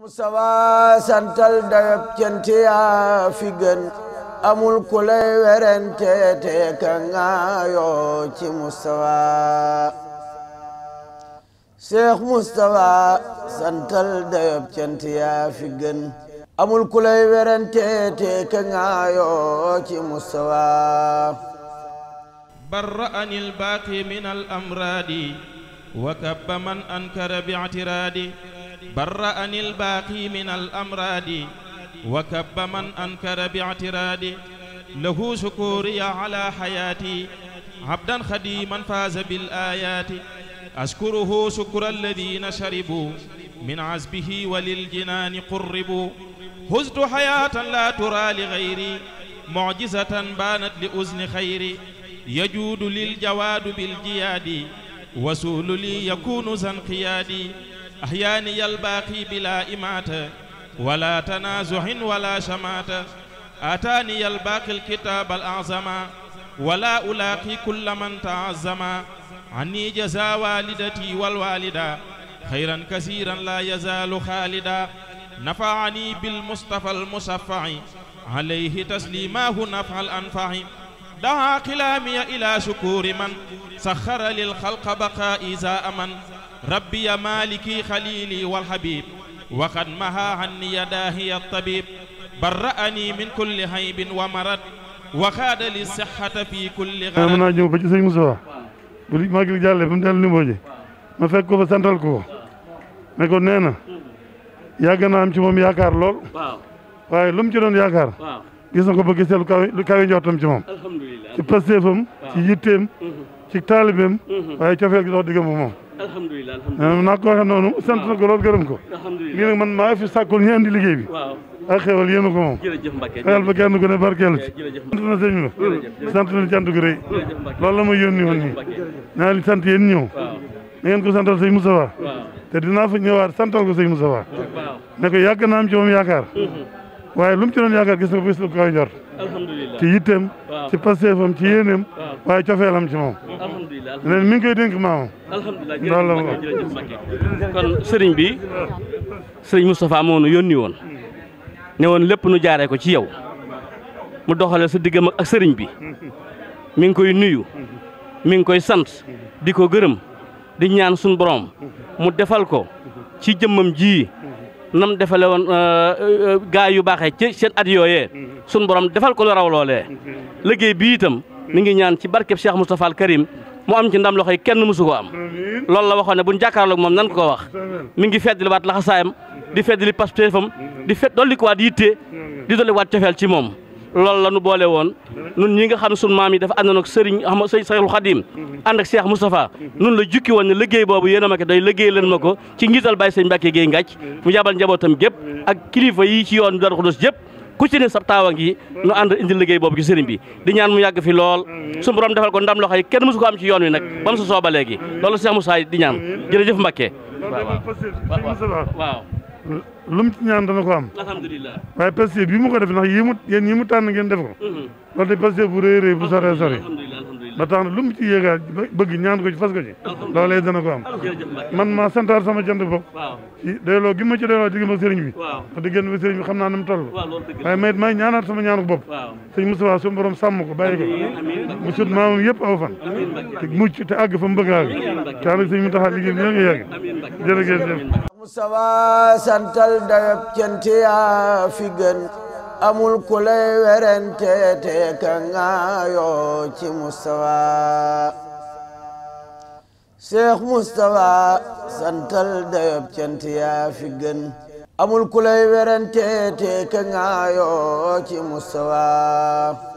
Mustafa santal dayab fi gën santal dayab cant yaa amul ku lay ka ngaayoo ci Mustafa barra'ani al-baaqi al-amraadi wa kabba man ankara bi برأني الباقي من الأمراض وكب من أنكر باعترادي له شكوري على حياتي عبدا خديما فاز بالآيات أشكره شكر الذين شربوا من عزبه وللجنان قربوا هزت حياة لا ترى لغيري معجزة بانت لأذن خيري يجود للجواد بالجياد وسول لي يكون زنقيادي أحياني الباقي بلا إمات ولا تنازح ولا شمات آتاني الباقي الكتاب الأعظم ولا ألاقي كل من تعظم عني جزا والدتي والوالدة خيرا كثيرا لا يزال خالدا نفعني بالمصطفى المصفع عليه تسليماه نفع الأنفع دعا كلامي إلى شكور من سخر للخلق بقائي زاء من ربي يا مالكي خليلي والحبيب وقد مها عني يداهي الطبيب برأني من كل هيب ومرض وخاد لي الصحة في كل غرض أنا من ناجو فجي سيغ بلي ما قلت جالي فم دال نيمبوجي ما فكو با سانتال كو نكو نينا جنا أمشي مم يا كار لول واي لوم تي يا كار gis na ko ba gisee lu kawe lu kawe njortam ci moom ci taalibeem mhm. waaye cofeel gi dox diggam ak moom alhamdulilah alhamdulilah eh, naa ko waxee noonu sant ko loolu gërëm ko lii nag man maa fi sàkkul ñu di liggéey bi ak xewal yéen ko moom xewal ba kenn ku ne barkeelu ci sant na sëñ ba sant na cant gu rëy loolu la ma nii naa li sant yéen ñëw na ngeen ko santal sëñ Moussa te dinaa fa ñëwaat santal ko sëñ Moussa ne ko yàgg naa am ci moom yaakaar mhm. waaye lu ci doon yaakaar gis nga bis lu koy jor ci yitteem ci pasteefam ci yéeneem waaye leen mi ngi koy dénk maamam. alhamdulilah jërëjëf Mbacke kon sëriñ bi sëriñ Moustapha moo nu yónni woon ne woon lépp nu jaaree ko ci yow mu doxale sa diggam ak sëriñ bi mi ngi koy nuyu mi ngi koy sant di ko gërëm di ñaan suñu borom mu defal ko ci jëmmam ji nam defale woon euh, euh, gaa yu baaxee ci seen at yooyee suñu borom defal ko lu raw bi itam mi ñaan ci barkeb Cheikh Moustapha Karim mu am ci ndam loxo yi kenn mësu koo am loolu la waxoon ne buñ jàkkaarloog moom nan ko wax mi ngi feddli waat laxasaayam di feddli pastéefam di fet dolli ko waat yitte di dolli waat cofeel ci moom loolu la nu boole woon nun ñi nga xam ne sunu maam yi dafa àndoon ak sëriñ xam sëriñ Seexul Xadim ànd ak Cheikh Moustapha nun la jukki woon ne liggéey boobu yéen a ma ko day liggéey leen ma ko ci njiital Baye Sëñ Mbàkke Géey Ngàcc mu jabal njabootam gépp ak kilifa yi ci yoon Daaru Xudoos yëpp ku ci ne sab taawa ngi nu ànd indil liggéey boobu ci sëriñ bi di ñaan mu yàgg fi lool suñu borom defal ko ndam loxo yi kenn mësu ko am ci yoon wi nag ba mu sa sooba léegi loolu Cheikh Moussa di ñaan jërëjëf Mbacké waaw lu mu ci ñaan dana ko am alhamdulilah waaye pasté bi mu ko def ndax yi mu yéen yi mu tànn ngeen def ko mm-hmm. loolu day pasté bu rëy rëy bu sore sore ba tax na lu mu ci yéegaa bëgg ñaan ko ci fas ko ci loolee dana ko am man maa santaar sama jant bopp ci doyloo gi ma ci doyloo digg ma sëriñ bi ndax diggante ma sëriñ bi xam naa ni mu toll waaye mayit may ñaanaat sama ñaanu bopp sëñ Moustapha suñu borom sàmm ko bàyyi ko mu sut maamam yëpp aw fan te mucc te àgg bëgg a àgg te ànd mu taxaa liggéey bi yàgg yàgg amul ku lay werante te ka ŋaayoo ci mustafa sheikh mustafa santal da cant yaa fi gën amul ku lay werante te ka ŋaayoo ci mustafa